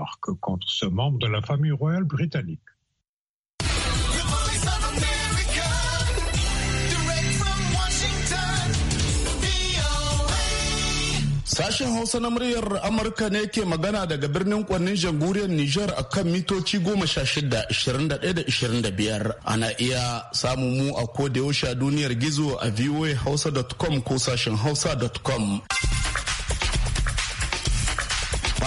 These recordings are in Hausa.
York contre ce membre de la famille royale britannique. Sashen Hausa na muryar Amurka ne ke magana daga birnin kwannin jamhuriyar Nijar a kan mitoci 16 sha shida, Ana iya samu mu a kodayaushe a duniyar gizo a voahausa.com ko sashen hausa.com.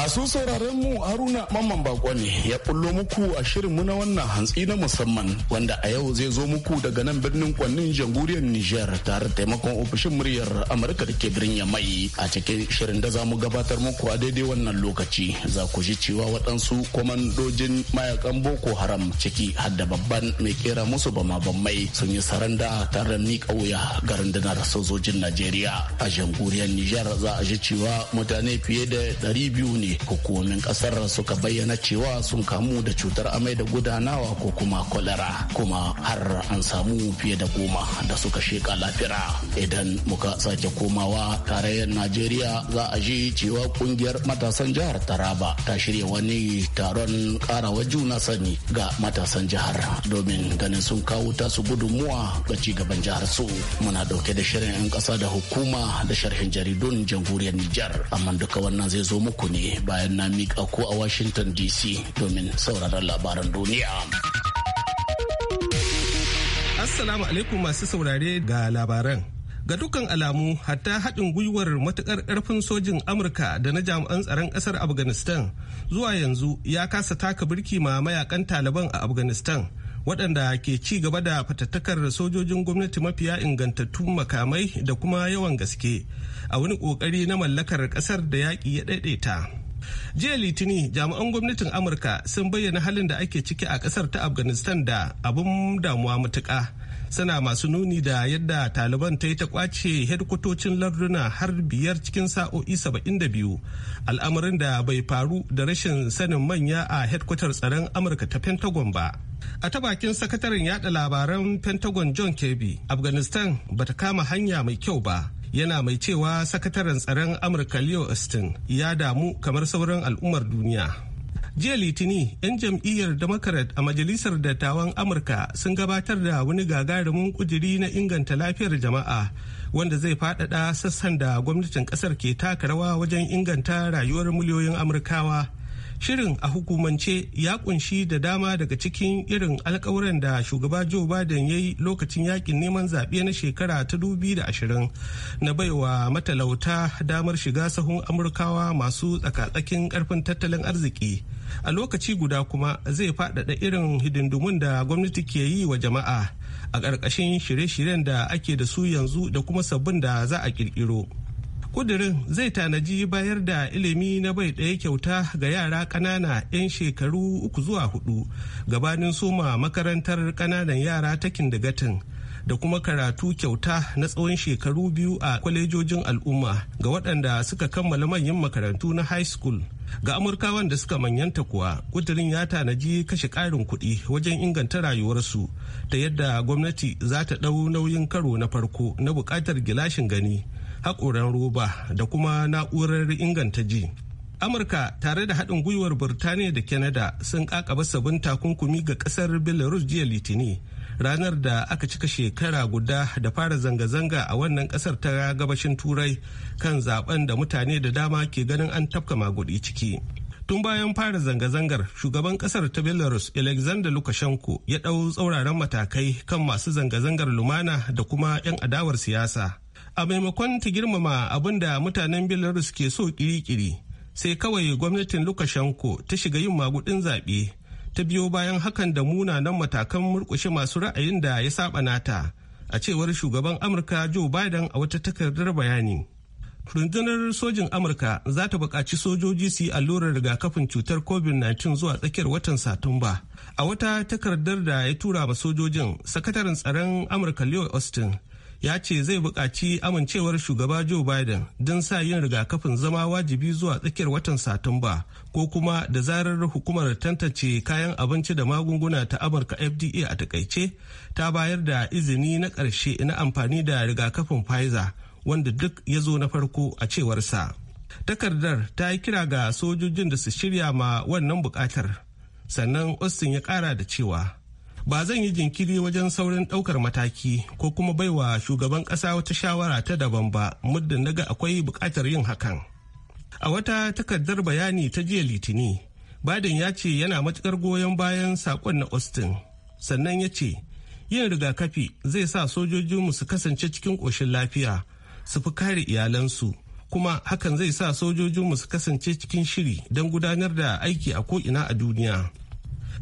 Masu sauraron mu Haruna Mamman Bako ne ya kullo muku a shirin mu na wannan hantsi na musamman wanda a yau zai zo muku daga nan birnin Kwannin jamhuriyar Nijar tare da taimakon ofishin muryar Amurka da ke birnin mai a cikin shirin da za mu gabatar muku a daidai wannan lokaci za ku ji cewa waɗansu kwamandojin mayakan Boko Haram ciki hadda babban mai kera musu bama mai sun yi saranda tare da ni wuya garin dinar sojojin Najeriya a jamhuriyar Nijar za a ji cewa mutane fiye da ɗari biyu ne hukumomin kasar suka bayyana cewa sun kamu da cutar amai da gudanawa ko kuma kwalara kuma har an samu fiye da goma da suka sheka lafira idan muka sake komawa tarayyar najeriya za a ji cewa kungiyar matasan jihar taraba ta shirya wani taron karawa juna sani ga matasan jihar domin ganin sun kawo tasu gudunmuwa ga cigaban jihar su muna dauke da shirin 'yan kasa da hukuma da sharhin jaridun jamhuriyar nijar amma duka wannan zai zo muku ne bayan na miƙa ko a Washington DC domin sauraron labaran duniya. Assalamu alaikum masu saurare ga labaran. Ga dukkan alamu hatta haɗin gwiwar matuƙar ƙarfin sojin Amurka da na jami'an tsaron ƙasar Afghanistan zuwa yanzu ya kasa taka birki ma mayakan Taliban a Afghanistan. waɗanda ke ci gaba da fatattakar sojojin gwamnati mafiya ingantattun makamai da kuma yawan gaske a wani ƙoƙari na mallakar ƙasar da yaƙi ya ɗaiɗaita. jiya litinin jami'an gwamnatin amurka sun bayyana halin da ake ciki a kasar ta afghanistan da abun damuwa matuƙa sana masu nuni da yadda taliban ta yi ta kwace hedkwatocin larduna har biyar cikin sa'o'i 72 al'amarin da bai faru da rashin sanin manya a hedkwatar tsaron amurka ta pentagon ba a ta bakin sakataren yada labaran pentagon john kirby afghanistan bata kama hanya mai kyau ba yana mai cewa sakataren tsaron amurka leo austin ya damu kamar sauran al'ummar duniya jiya litini 'yan jam'iyyar democrat a majalisar dattawan amurka sun gabatar da wani gagarumin kujeri na inganta lafiyar jama'a wanda zai faɗaɗa sassan da gwamnatin ƙasar ke taka rawa wajen inganta rayuwar miliyoyin amurkawa Shirin a hukumance ya kunshi da dama daga cikin irin alkawuran da shugaba Joe Biden ya yi lokacin yakin neman zaɓe na shekara ta ashirin na baiwa matalauta damar shiga sahun Amurkawa masu tsakatsakin karfin tattalin arziki. A lokaci guda kuma zai faɗaɗa irin hidindimun da gwamnati ke yi wa jama'a a ƙarƙashin shirye-shiryen da ake da su yanzu da kuma sabbin da za a ƙirƙiro. Kudirin zai tanaji bayar da ilimi na bai ɗaya kyauta ga yara ƙanana 'yan shekaru uku zuwa hudu gabanin soma makarantar ƙananan yara ta kindigatin da kuma karatu kyauta na tsawon shekaru biyu a kwalejojin al'umma ga waɗanda suka kammala manyan makarantu na high school ga amurkawan da suka manyanta kuwa kudirin ya tanaji kashe ƙarin kuɗi wajen inganta rayuwarsu ta yadda gwamnati za ta ɗau nauyin karo na farko na buƙatar gilashin gani haƙoran roba da kuma na'urar inganta ji amurka tare da haɗin gwiwar birtaniya da canada sun ƙaƙaba sabon takunkumi ga ƙasar belarus jiya litini ranar da aka cika shekara guda da fara zanga-zanga a wannan ƙasar ta gabashin turai kan zaben da mutane da dama ke ganin an tafka magudi ciki tun bayan fara zanga-zangar shugaban ƙasar ta belarus alexander lukashenko ya ɗau tsauraran matakai kan masu zanga-zangar lumana da kuma 'yan adawar siyasa a maimakon ta girmama abin da mutanen belarus ke so kiri-kiri sai kawai gwamnatin lukashenko ta shiga yin magudin zaɓe ta biyo bayan hakan da munanan matakan murkushe masu ra'ayin da ya saba nata a cewar shugaban amurka joe biden a wata takardar bayani rundunar sojin amurka za ta buƙaci sojoji su yi allurar rigakafin cutar covid-19 zuwa tsakiyar watan satumba a wata takardar da ya tura ma sojojin sakataren tsaron amurka leo austin ya ce zai buƙaci amincewar shugaba joe biden don sa yin rigakafin zama wajibi zuwa tsakiyar watan satumba ko kuma da zarar hukumar tantance kayan abinci da magunguna ta amurka fda a takaice ta bayar da izini na ƙarshe na amfani da rigakafin pfizer wanda duk ya zo na farko a cewarsa takardar ta yi kira ga sojojin da su shirya ma wannan buƙatar sannan austin ya ƙara da cewa ba zan yi jinkiri wajen saurin ɗaukar mataki ko kuma baiwa shugaban ƙasa wata shawara ta daban ba muddin naga akwai bukatar yin hakan a wata takardar bayani ta jiya litini Baden ya ce yana matukar goyon bayan saƙon na austin sannan ya ce yin rigakafi zai sa sojojinmu su kasance cikin ƙoshin lafiya su fi kare iyalansu kuma hakan zai sa sojojinmu su kasance cikin shiri don gudanar da aiki a ko'ina a duniya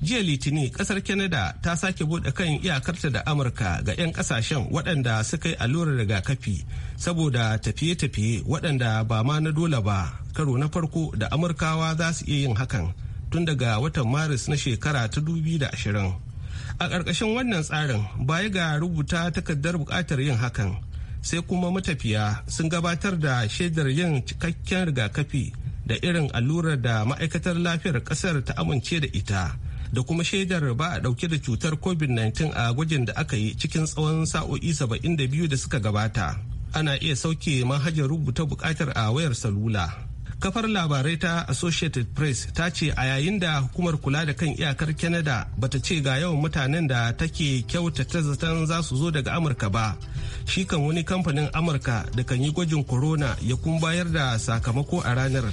jiya litinin kasar canada ta sake bude kan iyakarta da amurka ga 'yan kasashen waɗanda suka yi allurar rigakafi saboda tafiye-tafiye waɗanda ba ma na dole ba karo na farko da amurkawa za su iya yin hakan tun daga watan maris na shekara ta dubi da ashirin. a ƙarƙashin wannan tsarin baya ga rubuta takardar buƙatar yin hakan sai kuma matafiya sun gabatar da shaidar yin cikakken rigakafi da irin allurar da ma'aikatar lafiyar ƙasar ta amince da ita da kuma shaidar ba a dauke da cutar covid-19 a gwajin da aka yi cikin tsawon sa'o'i 72 da suka gabata ana iya sauke manhajar rubuta bukatar a wayar salula kafar labarai ta associated press ta ce a yayin da hukumar kula da kan iyakar canada bata ce ga yawan mutanen da take ta zaton za su zo daga amurka ba shi kan wani kamfanin amurka da kan yi gwajin corona ya kun bayar da sakamako a ranar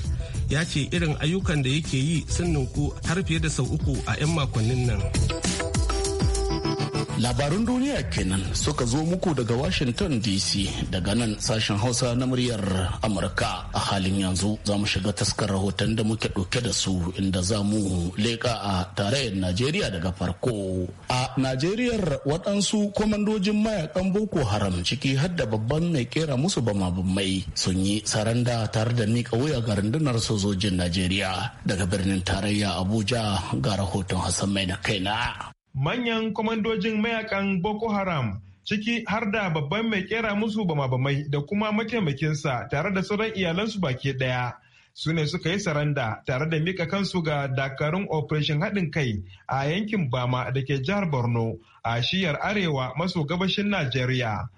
ya ce irin ayyukan da yake yi sun ninku har fiye da sau uku a 'yan makonnin nan. labarun duniya kenan suka zo muku daga washington dc daga nan sashen hausa na muryar amurka a halin yanzu za mu shiga taskar rahoton da muke ɗauke da su inda za mu leƙa a tarayyar najeriya daga farko a Najeriya waɗansu kwamandojin mayakan boko haram ciki har da babban mai kera musu bama-bamai sun yi saranda tare da miƙa wuya ga rundunar sojojin najeriya daga birnin tarayya abuja ga rahoton hassan mai na kaina manyan kwamandojin mayakan boko haram ciki har da babban mai kera musu bama-bamai da kuma mataimakinsa tare da sauran iyalansu baki daya su ne suka yi saranda tare da mika kansu ga dakarun operation haɗin kai a yankin bama da ke jihar borno a shiyar arewa maso gabashin najeriya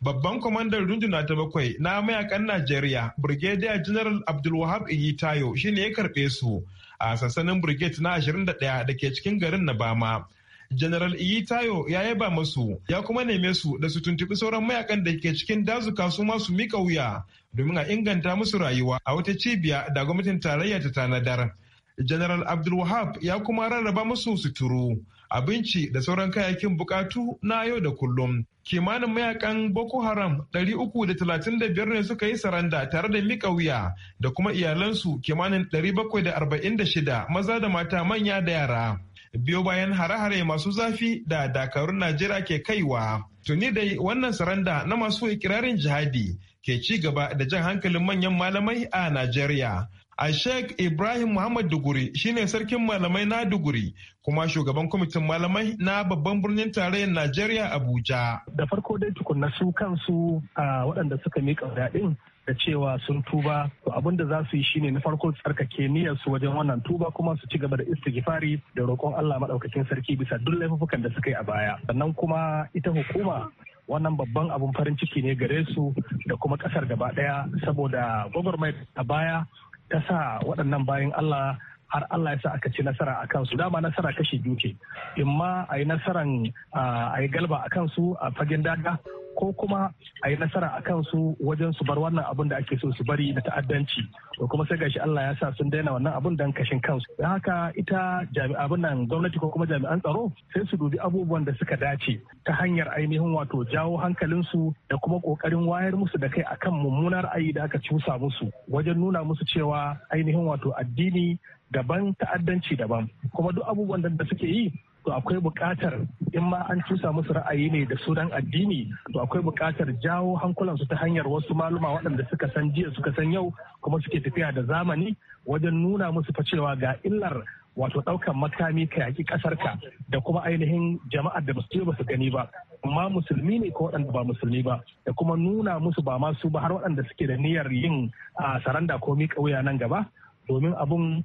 babban kwamandan runduna ta bakwai na mayakan najeriya brigadier general abdulwahab iyitayo shine ya karɓe su a sassanin brigade na 21 da ke cikin garin na bama General Iyitayo ya yaba masu ya kuma neme su da su tuntuɓi sauran mayakan da ke cikin dazuka su masu mika wuya domin a inganta musu rayuwa a wata cibiya da gwamnatin tarayya ta tanadar. General Abdulwahab ya kuma rarraba musu suturu, abinci da sauran kayakin bukatu na yau da kullum. Kimanin mayakan Boko Haram 335 ne suka yi saranda tare da mika wuya da kuma iyalansu kimanin 746 maza da mata manya da yara. biyo bayan hare-hare masu zafi da dakarun Najeriya ke kaiwa. Tuni dai wannan saranda na masu ikirarin jihadi ke ci gaba da jan hankalin manyan malamai a Najeriya. A Sheikh Ibrahim Muhammad Duguri shine sarkin malamai na Duguri kuma shugaban kwamitin malamai na babban birnin tarayyar Najeriya Abuja. Da farko dai tukunna su kansu a waɗanda suka miƙa daɗin da cewa sun tuba to abin da za su yi shine na farko tsarkake niyyar su wajen wannan tuba kuma su ci gaba da istighfari da roƙon Allah madaukakin sarki bisa duk laifukan da suka yi a baya sannan kuma ita hukuma wannan babban abun farin ciki ne gare su da kuma kasar gaba daya saboda gwagwarmai a baya ta sa waɗannan bayan Allah har Allah ya sa aka ci nasara a kansu dama nasara kashi biyu ce in ma a yi nasaran a yi galba a kansu a fagen daga ko kuma a yi nasara a kansu wajen su bar wannan abun da ake so su bari da ta'addanci to kuma sai gashi Allah ya sa sun daina wannan abun dan kashin kansu don haka ita jami'an nan gwamnati ko kuma jami'an tsaro sai su dubi abubuwan da suka dace ta hanyar ainihin wato jawo hankalinsu da kuma kokarin wayar musu da kai akan mummunar ayi da aka cusa musu wajen nuna musu cewa ainihin wato addini daban ta'addanci daban kuma duk abubuwan da suke yi to akwai buƙatar in ma an tusa musu ra'ayi ne da sunan addini to akwai buƙatar jawo hankulansu ta hanyar wasu maluma waɗanda suka san jiya suka san yau kuma suke tafiya da zamani wajen nuna musu facewa ga illar wato ɗaukan makami ka yaƙi ƙasarka da kuma ainihin jama'ar da musulmi ba su gani ba amma musulmi ne ko waɗanda ba musulmi ba da kuma nuna musu ba masu ba har waɗanda suke da niyyar yin ah, saranda ko miƙa wuya nan gaba domin abun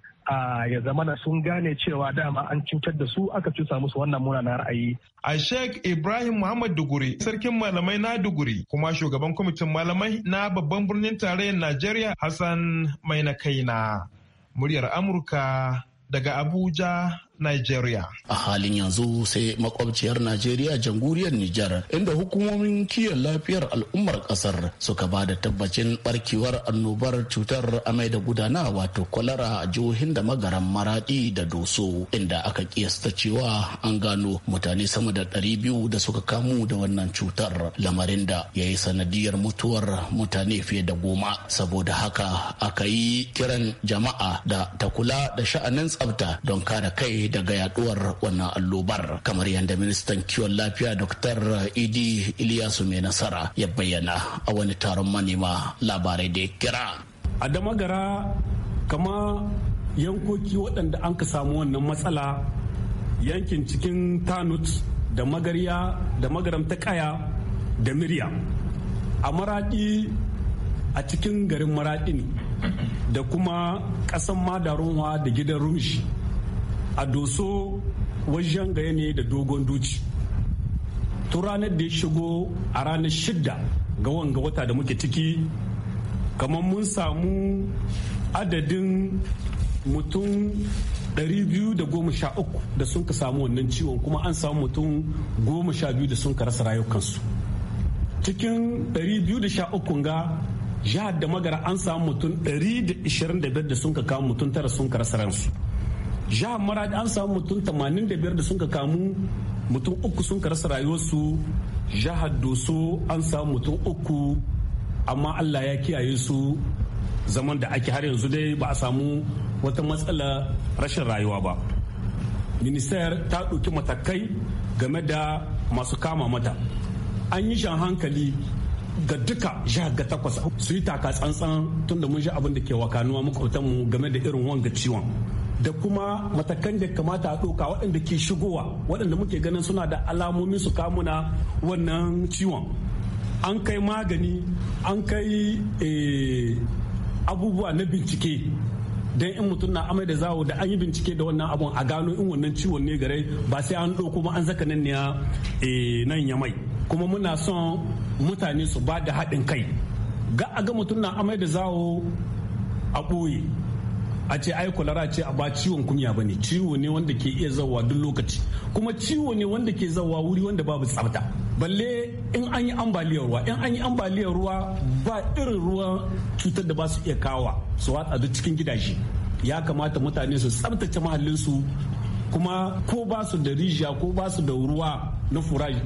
ya zama na sun gane cewa dama an cutar da su aka cusa musu wannan munanan ra'ayi. A Sheikh Ibrahim Muhammad Duguri, sarkin malamai na Duguri, kuma shugaban kwamitin malamai na babban birnin tarayyar Najeriya Hassan Mainakaina. Muryar Amurka daga Abuja, Nigeria. A halin yanzu sai makwabciyar Najeriya jamhuriyar Nijar inda hukumomin kiwon lafiyar al'ummar kasar suka ba da tabbacin barkewar annobar cutar amai da gudana wato kwalara a jihohin da magaran maradi da doso inda aka kiyasta cewa an gano mutane sama da ɗari biyu da suka kamu da wannan cutar lamarin da ya yi sanadiyar mutuwar mutane fiye da goma saboda haka aka yi kiran jama'a da ta kula da sha'anin tsafta don kare kai daga yaduwar wannan allobar kamar yadda ministan kiwon lafiya dr idi iliyasu mai nasara ya bayyana a wani taron manema labarai da ya kira a damagara kama yankoki waɗanda an ka samu wannan matsala yankin cikin tanut da magarya da magaram ta kaya da miriya a maraɗi a cikin garin maraɗi ne da kuma ƙasan madarunwa da gidan rumshi a doso wajen gaya ne da dogon duci to ranar da ya shigo a ranar shidda ga wanga wata da muke ciki kamar mun samu adadin mutum 213 da sun ka samu wannan ciwon kuma an samu mutum 12 da sun ka rasa rayukansu cikin 213 ga jihar da magara an samu mutum 125 da sun ka kawo mutum tara sun ka rasa ransu jihar maradi an samu mutum 85 da sun ka kamu mutum uku sun ka rasa rayuwarsu jihar doso an samu mutum uku amma allah ya kiyaye su zaman da ake har yanzu dai ba a samu wata matsala rashin rayuwa ba minister ta ɗauki matakai game da masu kama mata an yi shan hankali ga duka jihar ga takwas su yi taka tsantsan tun da mun sha abin da ke wakanuwa makwabtanmu game da irin wanga ciwon da kuma matakan da kamata a ɗauka waɗanda ke shigowa waɗanda muke ganin suna da alamomin su kamuna wannan ciwon an kai magani an kai eh, abubuwa na bincike don in mutum na amai da zawo da an yi bincike da wannan abun a gano in wannan ciwon ne gare ba sai an ɗauko kuma an zaka nan ne eh, nan ya mai kuma muna son mutane su ba da haɗin kai ga a ga mutum na amai da zawo a ɓoye a ce ai kwalara ce a ba ciwon kunya bane ciwo ne wanda ke iya zawa duk lokaci kuma ciwo ne wanda ke zawa wuri wanda babu tsabta balle in an yi ambaliyar ruwa in an yi ambaliyar ruwa ba irin ruwa cutar da ba su iya kawa su watsa duk cikin gidaje ya kamata mutane su tsaftace mahallinsu kuma ko ba su da rijiya ko ba su da ruwa na furaji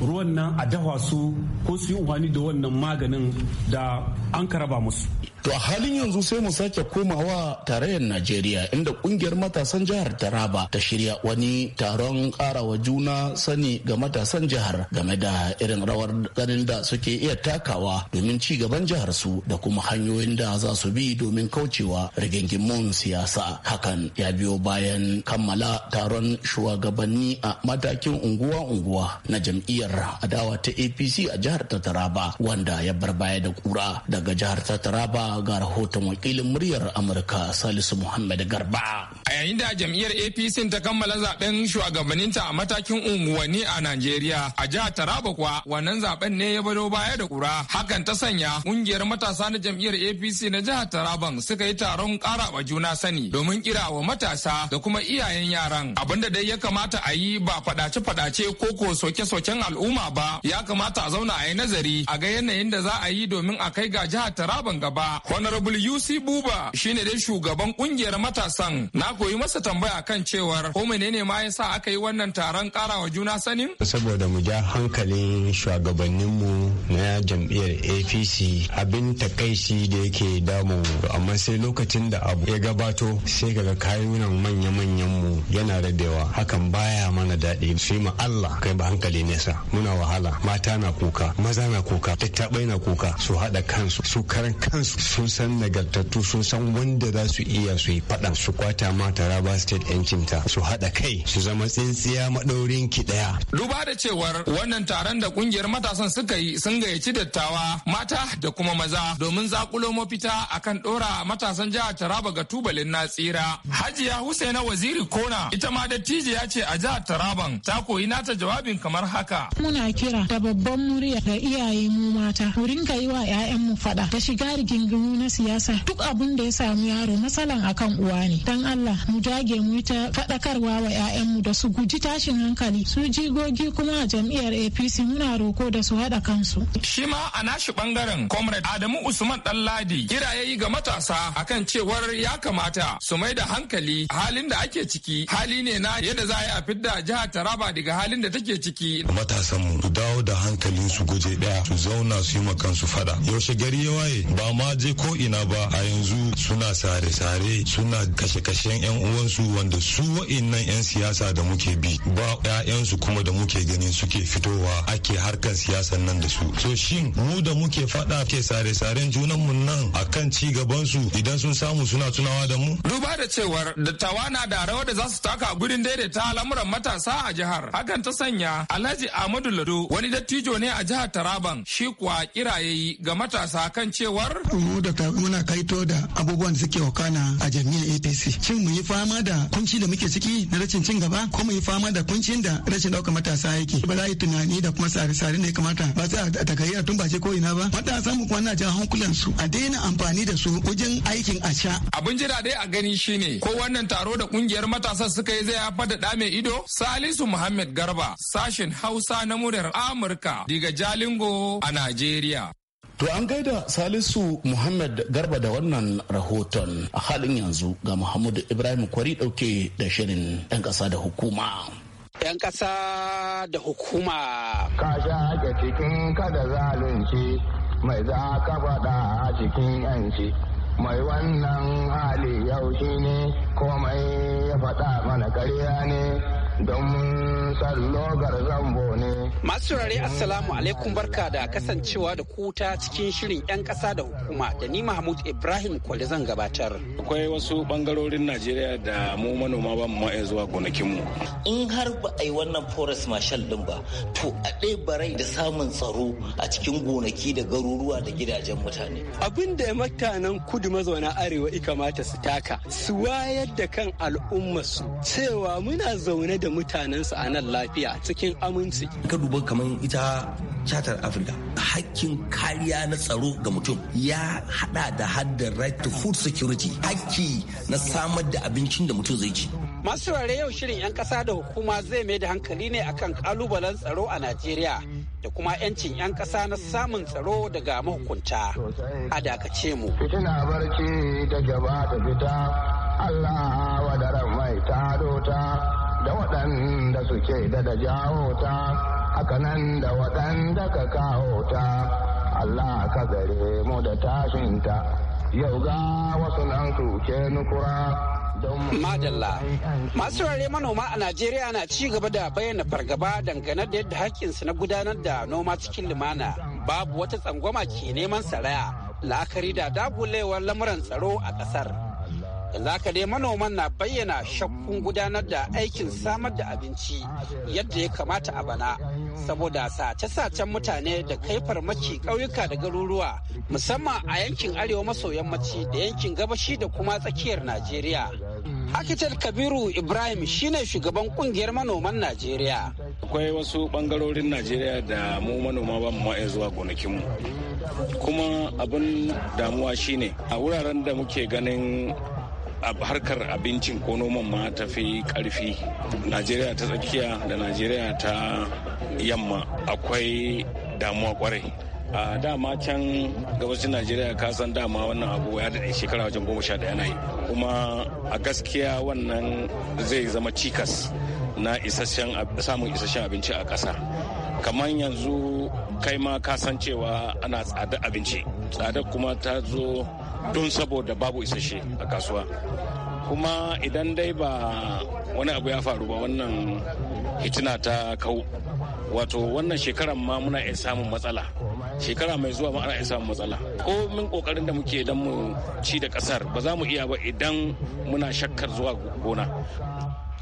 ruwan nan a dafa su ko su yi umarni da wannan maganin da an karaba musu To a halin yanzu sai mu sake komawa tarayyar Najeriya inda kungiyar matasan jihar Taraba ta shirya wani taron karawa juna sani ga matasan jihar game da irin rawar ganin da suke iya takawa domin ci gaban jihar su da kuma hanyoyin da za su bi domin kaucewa rigingimun siyasa. Hakan ya biyo bayan kammala taron shugabanni a matakin unguwa-unguwa na jam'iyyar adawa ta APC a jihar ta Taraba wanda ya bar baya da kura daga jihar ta Taraba ga rahoton wakilin muryar amurka salisu muhammad garba a yayin da jam'iyyar apc ta kammala zaben shugabanninta a matakin unguwanni a najeriya a jihar taraba kuwa wannan zaben ne ya bado baya da kura hakan ta sanya kungiyar matasa na jam'iyyar apc na jihar taraban suka yi taron ƙara wa juna sani domin kira wa matasa da kuma iyayen yaran da dai ya kamata a yi ba fadace-fadace ko ko soke-soken al'umma ba ya kamata a zauna a yi nazari a ga yanayin da za a yi domin a kai ga jihar taraban gaba Honorable UC Buba shine dai shugaban kungiyar matasan. Na koyi masa tambaya kan cewar ko menene ma yasa aka yi wannan taron karawa juna sanin? Saboda mu ja hankalin shugabanninmu na jam'iyyar APC abin takaici da yake damu amma sai lokacin da abu ya gabato sai kaga kayunan manya-manyan mu yana radewa hakan baya mana daɗi sai ma Allah kai ba hankali nesa muna wahala mata na kuka maza na kuka tattabai na kuka su haɗa kansu su karan kansu sun san nagartattu sun san wanda za su iya su yi faɗan su kwata ma taraba state yancinta su haɗa kai su zama tsintsiya maɗaurin ki ɗaya. duba da cewar wannan taron da kungiyar matasan suka yi sun gayyaci dattawa mata da kuma maza domin zakulo mafita akan ɗora matasan jihar taraba ga tubalin na tsira hajiya husaina waziri kona ita ma dattijiya ce a jihar taraban ta koyi nata jawabin kamar haka. muna kira da babban murya ga iyaye mu mata mu rinka yi wa 'ya'yanmu faɗa da shiga rigingim maganganu na siyasa duk abun da ya samu yaro matsalan akan uwa ne dan Allah mu dage mu ta faɗakarwa wa mu da su guji tashin hankali su jigogi kuma a jam'iyyar APC muna roko da su haɗa kansu. Shi ma a nashi bangaren Comrade Adamu Usman Ɗanladi kira yayi ga matasa akan cewar ya kamata su mai da hankali halin da ake ciki hali ne na yadda za a yi a fidda jihar Taraba daga halin da take ciki. Matasan mu dawo da hankalin su guje daya su zauna su yi ma kansu fada. Yaushe gari ya waye ba ma je ko ina ba a yanzu suna sare-sare suna kashe-kashen 'yan uwansu wanda su wa'innan 'yan siyasa da muke bi ba 'ya'yansu kuma da muke ganin suke fitowa ake harkan siyasan nan da su so shin mu da muke faɗa ke sare-saren junan junanmu nan akan ci gabansu idan sun samu suna tunawa da mu duba da cewar dattawa na da rawar da za su taka gurin daidaita al'amuran matasa a jihar hakan ta sanya alhaji ahmadu lado wani dattijo ne a jihar taraban shi kuwa kiraye ga matasa kan cewar mu da muna kaito da abubuwan da suke wakana a jami'an apc shin mu yi fama da kunci da muke ciki na rashin cin gaba ko mu yi fama da kuncin da rashin ɗaukar matasa aiki ba za a yi tunani da kuma sare-sare ne kamata ba za a a tun bace ko ina ba matasa mu kuma na jan hankulan su a daina amfani da su wajen aikin a sha abin jira dai a gani shine ko wannan taro da kungiyar matasa suka yi zai haifar da ido salisu muhammad garba sashen hausa na muryar amurka daga jalingo a najeriya To an gaida Salisu Muhammad Garba da wannan rahoton a halin yanzu ga Muhammadu Ibrahim Kwari dauke da shirin 'yan ƙasa da hukuma. 'Yan ƙasa da hukuma. Ka sha ake cikin kada zalunci mai za ka faɗa a cikin 'yanci. Mai wannan hali yau shi ne komai ya faɗa mana karya ne. don Masu turare Assalamu alaikum barka da kasancewa da kuta cikin shirin 'yan ƙasa da hukuma da ni Mahmud Ibrahim Kwale zan gabatar. Akwai wasu bangarorin Najeriya da mu manoma ba mu ma'a zuwa gonakinmu. In har ba a yi wannan forest marshal ɗin ba, to a ɗaya barai da samun tsaro a cikin gonaki da garuruwa da gidajen mutane. Abin da mutanen kudu mazauna arewa ikamata su taka, su wayar da kan al'umma su. cewa muna zaune da da mutanensa a nan lafiya cikin aminci. Ka duba kamar ita chatar Afirka hakkin kariya na tsaro ga mutum ya hada da haddar right to food security hakki na samar da abincin da mutum zai ci. Masu saurare yau shirin 'yan kasa da hukuma zai mai da hankali ne akan kalubalen tsaro a Najeriya da kuma 'yancin 'yan kasa na samun tsaro daga mahukunta. A dakace mu. Fitina barci da gaba da fita Allah wadaran mai ta da waɗanda suke da da jawo ta hakanan da waɗanda ka kawo ta Allah ka gare mu da tashinta yau ga wasu nan suke nukura Madalla. Masu rare manoma a Najeriya na ci gaba da bayyana fargaba dangane da yadda haƙƙinsu na gudanar da noma cikin lumana. Babu wata tsangwama ke neman saraya la'akari da dagulewar lamuran tsaro a ƙasar. yanzu haka dai manoman na bayyana shakkun gudanar da aikin samar da abinci yadda ya kamata a bana saboda sace-sacen mutane da kai farmaki ƙauyuka da garuruwa musamman a yankin arewa maso yammaci da yankin gabashi da kuma tsakiyar najeriya hakitar kabiru ibrahim shine shugaban kungiyar manoman najeriya akwai wasu bangarorin najeriya da mu manoma ba mu zuwa gonakinmu kuma abin damuwa shine a wuraren da muke ganin A harkar abincin ko noman ma ta fi karfi najeriya ta tsakiya da najeriya ta yamma akwai damuwa kwarai a dama can gabashin najeriya ka san dama wannan abu ya daɗe shekara wajen goma sha ɗaya kuma a gaskiya wannan zai zama cikas na samun isasshen abinci a ƙasa kamar yanzu kai ma ka san cewa ana tsada abinci tsadar kuma ta zo don saboda babu isasshe a kasuwa kuma idan dai ba wani abu ya faru ba wannan hitina ta kau wato wannan shekaran ma muna iya samun matsala shekara mai zuwa ma ana iya samun matsala ko min kokarin da muke don mu ci da kasar ba za mu iya ba idan muna shakkar zuwa gona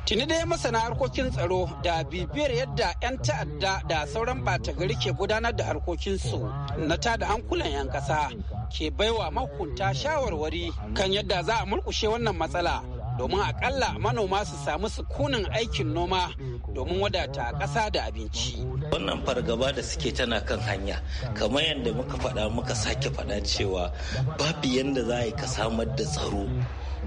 Tuni dai masana harkokin tsaro da bibiyar yadda 'yan ta'adda da sauran bata gari ke gudanar da harkokinsu na ta da hankulan 'yan ƙasa ke baiwa mahukunta shawarwari kan yadda za a murkushe wannan matsala domin akalla manoma su samu sukunin aikin noma domin wadata ƙasa da abinci. Wannan fargaba da suke tana kan hanya, kamar yadda muka fada muka sake faɗa cewa babu yadda za a yi ka samar da tsaro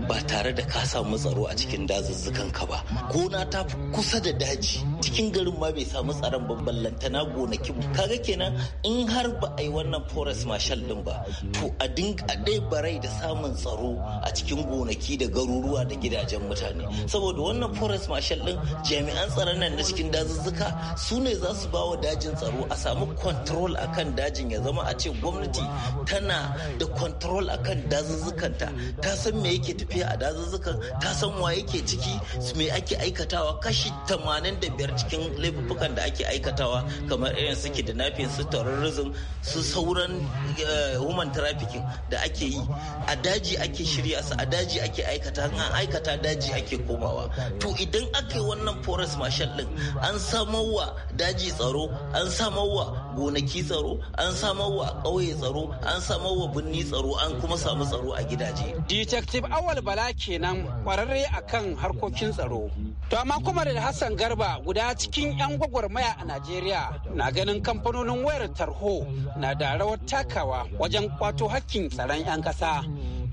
ba tare da ka samu tsaro a cikin dazuzzukan ka ba gona ta kusa da daji cikin garin ma bai samu tsaron babban na gonakin kaga kenan in har ba a yi wannan forest marshal din ba to a dinga ɗai barai da samun tsaro a cikin gonaki da garuruwa da gidajen mutane saboda wannan forest marshal din jami'an tsaron nan na cikin dazuzzuka su ne za su ba wa dajin tsaro a samu control akan dajin ya zama a ce gwamnati tana da control akan dazuzzukanta ta san me yake tafiya a dazuzzukan ta san wa yake ciki me ake aikatawa kashi 85 cikin laifukan da ake aikatawa kamar irin su kidnapping su terrorism su sauran eh, human trafficking da ake yi a daji ake shirya su a daji ake aikata an aikata daji ake komawa to idan aka yi wannan forest marshal din an samarwa daji tsaro an samarwa gonaki tsaro an samarwa ƙauye tsaro an samarwa birni tsaro an kuma samu tsaro a gidaje detective awal Lawal Bala kenan kwararre kan harkokin tsaro. To amma kuma da Hassan Garba guda cikin 'yan gwagwarmaya a Najeriya na ganin kamfanonin wayar tarho na da rawar takawa wajen kwato hakkin tsaron 'yan ƙasa.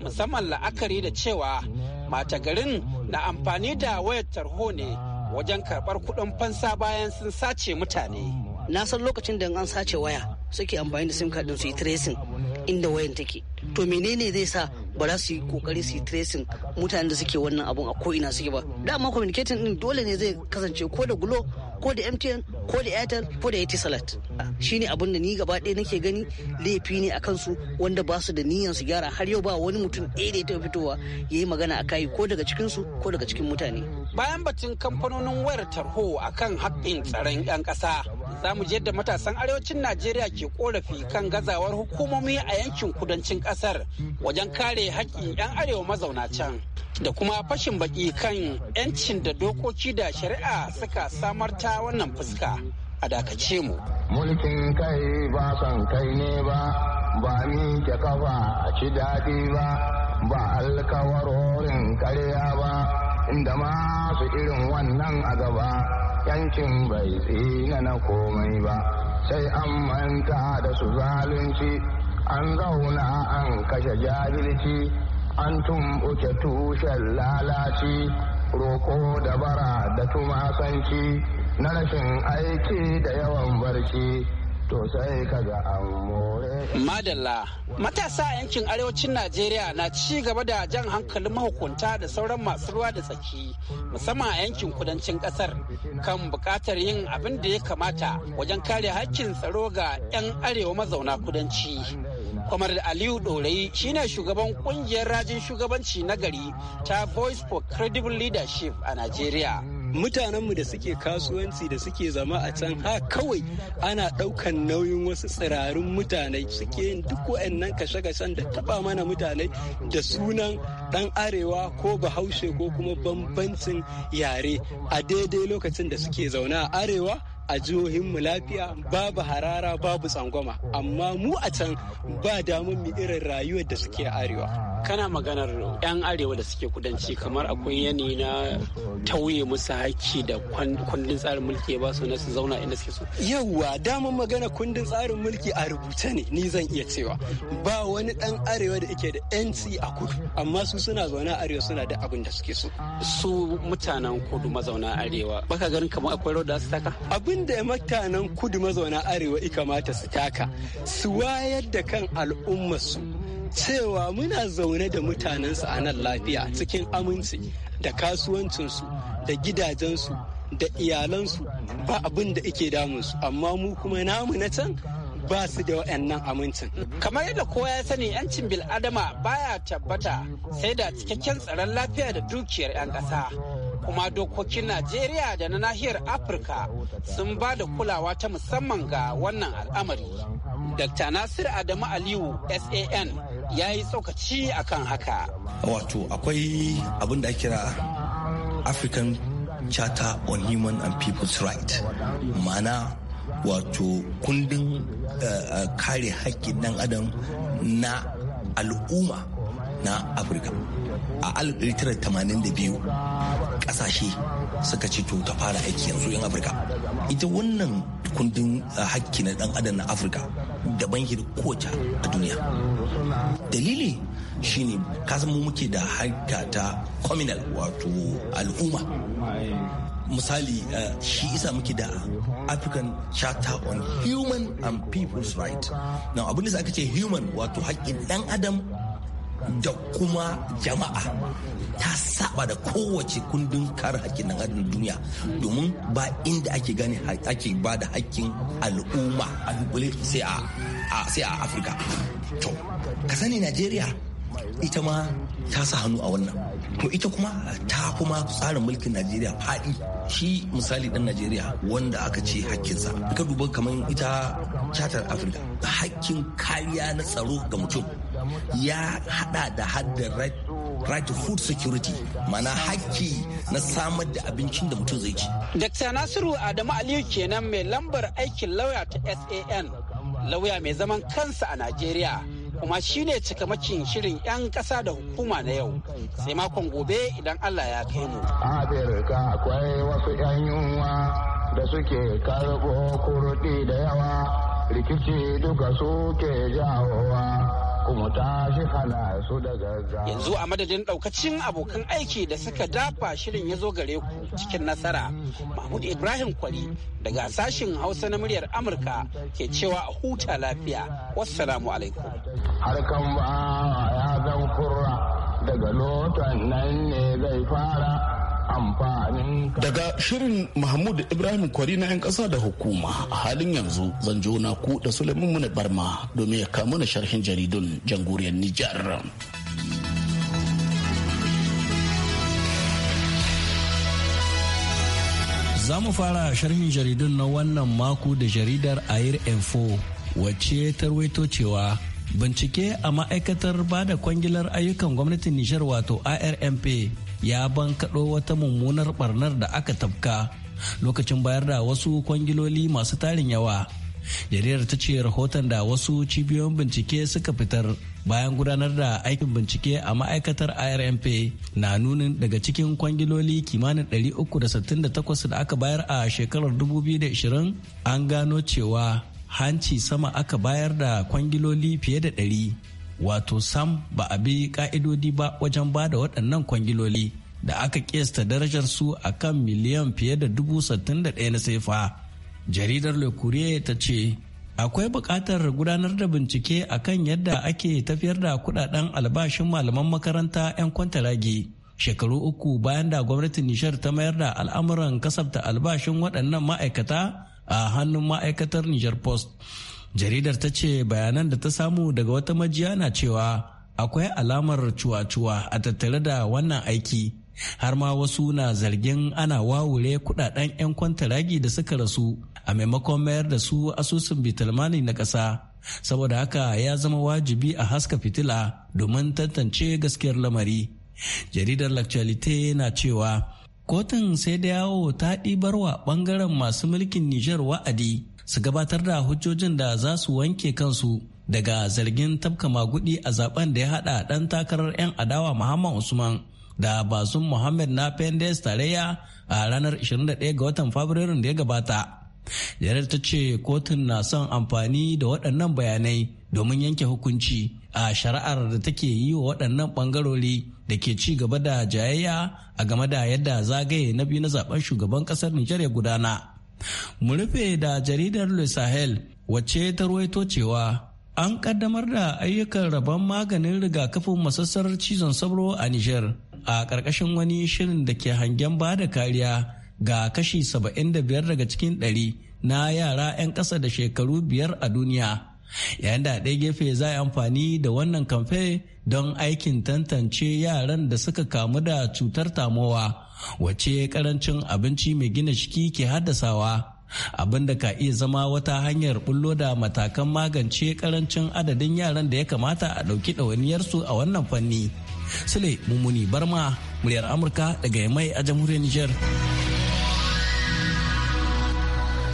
Musamman la'akari da cewa mata garin na amfani da wayar tarho ne wajen karɓar kuɗin fansa bayan sun sace mutane. na san lokacin da an sace waya suke amfani da sim card su yi tracing inda wayan take to menene zai sa ba za su yi kokari su yi tracing mutanen da suke wannan abun a koina suke ba dama communicating din dole ne zai kasance ko da glo ko da mtn ko da airtel ko da etisalat shine abin da ni gaba ɗaya nake gani laifi ne a kansu wanda ba su da niyyar su gyara har yau ba wani mutum ɗaya da ya taɓa fitowa ya yi magana a kayi ko daga cikinsu ko daga cikin mutane bayan batun kamfanonin wayar tarho akan haƙƙin tsaron 'yan ƙasa za mu je da matasan arewacin Najeriya ke korafi kan gazawar hukumomi a yankin kudancin kasar wajen kare haƙƙin 'yan arewa mazauna can da kuma fashin baƙi kan 'yancin da dokoki da shari'a suka samar ta wannan fuska a dakace mu. Mulkin kai ba son kai ne ba, ba ni ke kafa a ci daɗi ba, ba alkawarorin karya ba, inda masu irin wannan a gaba. yancin bai tsina na komai ba sai an manta da su zalunci an zauna an kashe jahilci an tumɓuke tushen lalaci roko da bara da tumasanci na rashin aiki da yawan barci Madala Madalla, matasa yankin arewacin Najeriya na ci gaba da jan hankalin mahukunta da sauran masu ruwa da tsaki, musamman a yankin kudancin kasar kan bukatar yin abin da ya kamata wajen kare hakkin tsaro ga 'yan arewa mazauna kudanci. Kwamar Aliyu Ɗorayi shine shugaban kungiyar rajin shugabanci nagari ta Voice for Credible Leadership a Najeriya. mutanenmu da suke kasuwanci da suke zama a can ha kawai ana ɗaukan nauyin wasu tsirarun mutane suke yin duk wa'annan kashe-kashen da taba mana mutane da sunan ɗan arewa ko bahaushe ko kuma bambancin yare a daidai lokacin da suke zaune a arewa a jihohin mu lafiya babu harara babu tsangwama amma mu a can ba damun mu irin rayuwar da suke arewa kana maganar 'yan arewa da suke kudanci kamar akwai yanayi na tauye musu haƙƙi da kundin tsarin mulki ya ba su na su zauna inda suke so yawa damun magana kundin tsarin mulki a rubuce ne ni zan iya cewa ba wani dan arewa da yake da yanci a kudu amma su suna zaune arewa suna da abin da suke so su mutanen kudu mazauna arewa baka ganin kamar akwai rawar da su taka abin da mutanen kudu mazauna arewa mata su taka su wayar da kan al'ummarsu cewa muna zaune da mutanensu a nan lafiya cikin aminci da kasuwancinsu da gidajensu da iyalansu ba abin da ike damunsu amma mu kuma namu na can ba su da wa'annan amincin. Kamar yadda kowa ya sani 'yancin bil'adama ba ya tabbata sai da cikakken tsaron lafiya da dukiyar 'yan ƙasa. kuma dokokin Najeriya da na nahiyar Afirka sun ba da kulawa ta musamman ga wannan al'amari. Dr. Nasir Adamu Aliyu SAN ya yi tsokaci akan haka. Wato akwai abin da kira African Charter on Human and People's Rights. Mana wato kundin eh, eh, kare haƙƙin ɗan adam na al'umma na afirka a 1982 ƙasashe suka ce to ta fara aiki yanzu yan afirka ita wannan kundin eh, haƙƙi na ɗan adam na afirka daban bangin kowace a duniya dalili shine kasan muke da harka ta communal wato al'umma misali uh, shi isa muke da african charter on human and people's right now abin da aka ce human wato haƙƙin ɗan adam da kuma jama'a ta saba da kowace kundin kare haƙƙin ɗan adam duniya domin ba inda ake gane ake ba da haƙƙin al'umma a sai a afirka to ka sani najeriya ita ma ta sa hannu a wannan to ita kuma ta kuma tsarin mulkin najeriya faɗi shi misali ɗan najeriya wanda aka ce hakkinsa ka duba kamar ita chatar afirka hakkin kariya na tsaro ga mutum ya haɗa da haddar right to food security mana hakki na samar da abincin da mutum zai ci. Dr. Nasiru Adamu Aliyu kenan mai lambar aikin lauya ta SAN lauya mai zaman kansa a Najeriya kuma ne cikamakin shirin 'yan ƙasa da hukuma na yau sai makon gobe idan Allah ya kai mu. Afirka akwai wasu 'yan yunwa da suke karɓo kurɗi da yawa rikici duka suke jawowa. kuma ta shi hana su da gaggawa. Yanzu a madadin daukacin abokan aiki da suka dafa shirin ya zo gare ku cikin nasara. Mahmud Ibrahim Kwari daga sashen Hausa na muryar Amurka ke cewa a huta lafiya. Wassalamu alaikum. Harkan ba ya zan kurra daga lotan nan ne zai fara. amfanin daga shirin mahmud ibrahim kwari na 'yan ƙasa da hukuma a halin yanzu zan jo na ku da suleiman muna barma domin ya kama na sharhin jaridun jamhuriyar nijar za mu fara sharhin jaridun na wannan mako da jaridar air info wacce ta rawaito cewa bincike a ma'aikatar ba da kwangilar ayyukan gwamnatin nijar wato irmp ya bankaɗo wata mummunar barnar da aka tafka lokacin bayar da wasu kwangiloli masu tarin yawa jaridar ta ce rahoton da wasu cibiyoyin bincike suka fitar bayan gudanar da aikin bincike a ma'aikatar irmp na nunin daga cikin kwangiloli kimanin 368 da aka bayar a shekarar 2020 an gano cewa hanci sama aka bayar da kwangiloli fiye da ɗari. wato sam ba a bi ka'idodi ba wajen ba da waɗannan kwangiloli da aka kesta darajar su a kan miliyan fiye da dubu da ɗaya na saifa jaridar le ta ce akwai buƙatar gudanar da bincike a kan yadda ake tafiyar da kudaden albashin malaman makaranta 'yan kwantaragi shekaru uku bayan da gwamnatin nishar ta mayar da al'amuran kasafta albashin waɗannan ma'aikata a hannun ma'aikatar nijar post jaridar ta ce bayanan da ta samu daga wata majiya na cewa akwai alamar cuwa-cuwa a tattare da wannan aiki har ma wasu na zargin ana wawure kudaden 'yan kwantaragi da suka rasu a maimakon mayar da su asusun bitalmani na ƙasa saboda haka ya zama wajibi a haska fitila domin tantance gaskiyar lamari jaridar lactualite na cewa kotun sai da yawo ta ɗibarwa ɓangaren masu mulkin nijar wa'adi su gabatar da hujjojin da za su wanke kansu daga zargin tafka magudi a zaben da ya haɗa ɗan takarar 'yan adawa Muhammad Usman da basun Muhammad na Pendes tarayya a ranar 21 ga watan Fabrairun da ya gabata. Jarar ta ce kotun na son amfani da waɗannan bayanai domin yanke hukunci a shari'ar da take yi wa waɗannan ɓangarori da ke ci gaba da jayayya a game da yadda zagaye na biyu na zaben shugaban ƙasar Nijar ya gudana. Mu rufe da jaridar Le Sahel wacce ta ruwaito cewa an kaddamar da ayyukan rabon maganin rigakafin masassar cizon sauro a Nijar a ƙarƙashin wani shirin da ke hangen ba da kariya ga kashi 75 daga cikin 100 na yara 'yan ƙasa da shekaru biyar a duniya. yayin da ɗaya gefe za yi amfani da wannan kamfe don aikin tantance yaran da suka kamu da cutar tamowa wace karancin abinci mai gina shiki ke haddasawa abin da ka iya zama wata hanyar bullo da matakan magance karancin adadin yaran da ya kamata a ɗauki ɗawainiyarsu a wannan fanni sule mummuni barma muryar amurka daga mai a jamhuriyar niger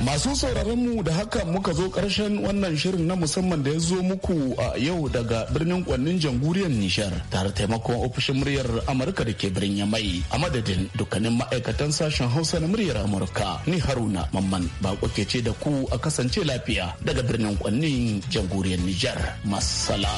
Masu sauraron mu da haka muka zo ƙarshen wannan shirin na musamman da ya zo muku a yau daga birnin kwannin jamhuriyar Nishar tare taimakon ofishin muryar Amurka da ke birnin mai a madadin dukkanin ma'aikatan sashen Hausa na muryar Amurka ni Haruna Mamman bako ke ce da ku a kasance lafiya daga birnin kwannin jamhuriyar Nijar. Masala.